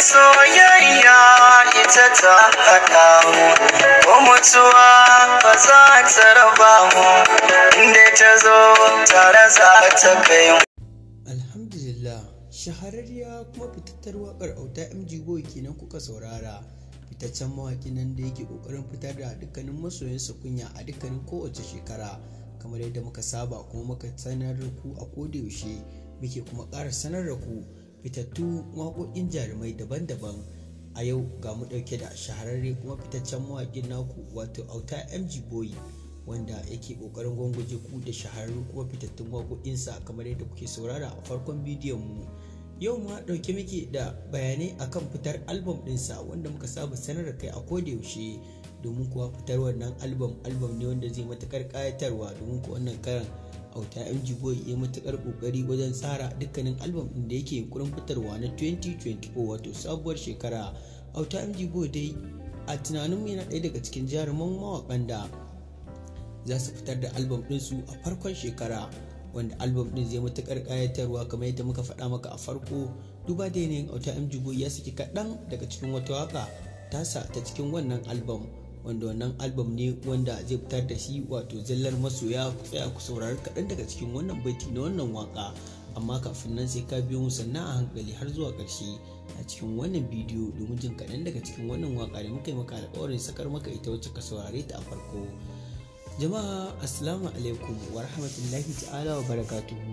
soyayya ita ta haɗa mu ko mutuwa ba za ta raba mu inda ta zo tare za ta kai mu alhamdulillah shahararriya kuma fitattar waƙar auta mg boy kenan kuka saurara fitaccen mawaƙi nan da yake ƙoƙarin fitar da dukkanin masoyansa kunya a dukkanin kowace shekara kamar yadda muka saba kuma muka sanar da ku a kodayaushe muke kuma ƙara sanar da ku fitattu waƙoƙin jarumai daban-daban a yau ga mu ɗauke da shahararre kuma fitaccen mawaƙin naku wato auta mg boy wanda yake ƙoƙarin gwangwaje ku da shahararru kuma fitattun waƙoƙinsa kamar yadda kuke saurara a farkon bidiyon mu yau ma ɗauke muke da bayanai akan fitar albam ɗinsa wanda muka saba sanar da kai a yaushe domin kuwa fitar wannan albam albam ne wanda zai matuƙar ƙayatarwa domin kuwa wannan karan auta mg boy ya matukar kokari wajen tsara dukkanin album ɗin da yake yunkurin fitarwa na 2024 wato sabuwar shekara auta mg boy dai a tunaninmu yana ɗaya daga cikin jaruman mawakan da za su fitar da album ɗinsu a farkon shekara wanda album ɗin zai matukar kayatarwa kamar yadda muka faɗa maka a farko duba da yanayin auta mg boy ya saki kaɗan daga cikin wata waka tasa ta cikin wannan album wanda wannan album ne wanda zai fitar da shi wato zallar masoya ku tsaya ku saurari kaɗan daga cikin wannan baiti na wannan waka amma kafin nan sai ka biyo mu sannan a hankali har zuwa ƙarshe a cikin wannan bidiyo domin jin kaɗan daga cikin wannan waka da muka yi maka alƙawarin sakar maka ita wacce ka saurare ta a farko jama'a assalamu alaikum wa rahmatullahi ta'ala wa barakatuhu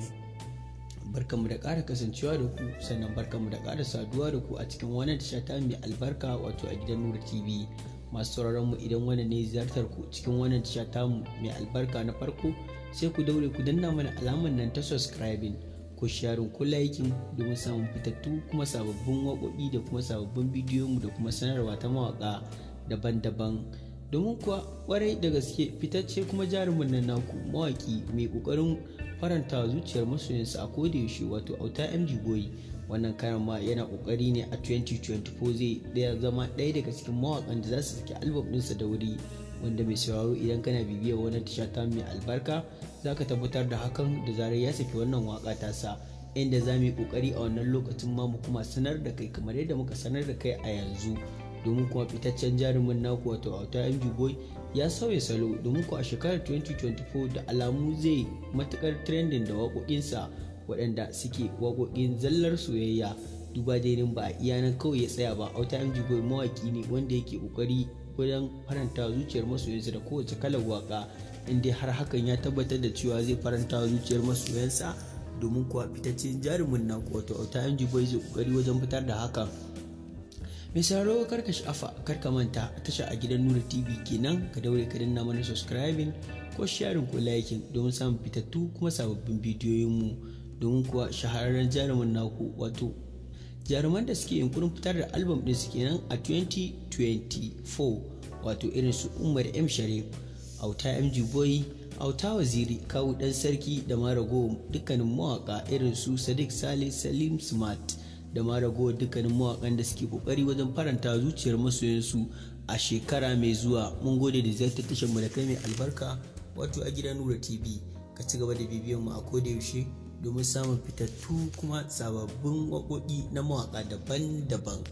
barkanmu da ƙara kasancewa da ku sannan barkanmu da ƙara saduwa da ku a cikin wannan tasha ta mai albarka wato a gidan nura tv masu sauraron mu idan wani ne ziyartar ku cikin wannan tasha tamu mai albarka na farko sai ku daure ku danna mana alamar nan ta subscribing ku sharin ku liking domin samun fitattu kuma sababbin waƙoƙi da kuma sababbin bidiyon mu da kuma sanarwa ta mawaƙa daban-daban domin kuwa kwarai da gaske fitacce kuma jarumin nan naku mawaki mai kokarin faranta zuciyar masoyinsa a koda yaushe wato auta mg boy wannan karan ma yana kokari ne a 2024 zai daya zama ɗaya daga cikin mawakan da za su saki album sa da wuri wanda mai sauraro idan kana bibiya wannan tasha ta mai albarka za ka tabbatar da hakan da zarar ya saki wannan waka tasa inda za mu yi kokari a wannan lokacin ma mu kuma sanar da kai kamar yadda muka sanar da kai a yanzu domin kuma fitaccen jarumin naku wato auta mg boy ya sauya salo domin kuma a shekarar 2024 da alamu zai matukar trending da waƙoƙinsa waɗanda suke waƙoƙin zallar soyayya duba dainin ba a iyanan kawai ya tsaya ba auta mg boy mawaki ne wanda yake ƙoƙari wajen faranta zuciyar masoyansa da kowace kalar waƙa inda har hakan ya tabbatar da cewa zai faranta zuciyar masoyansa domin kuwa fitaccen jarumin naku wato auta mg boy zai ƙoƙari wajen fitar da hakan mai sauraro karka sha'afa karka manta tasha a gidan nuna tv kenan ka daure ka danna mana subscribing ko sharing ko liking domin samun fitattu kuma sababbin bidiyoyinmu domin kuwa shahararren jaruman naku wato jaruman da suke yunkurin fitar da album din su kenan a 2024 wato irin su umar m sharif auta mg boy auta waziri kawu dan sarki da mara go dukkanin mawaka irin su sadiq salih salim smart da ma ragowar dukkanin mawakan da suke kokari wajen faranta zuciyar masoyansu a shekara mai zuwa mun gode da ziyartar tashar mu da kai mai albarka wato a gidan nura tv ka ci gaba da bibiyan mu a koda yaushe domin samun fitattu kuma sababbin waƙoƙi na mawaƙa daban-daban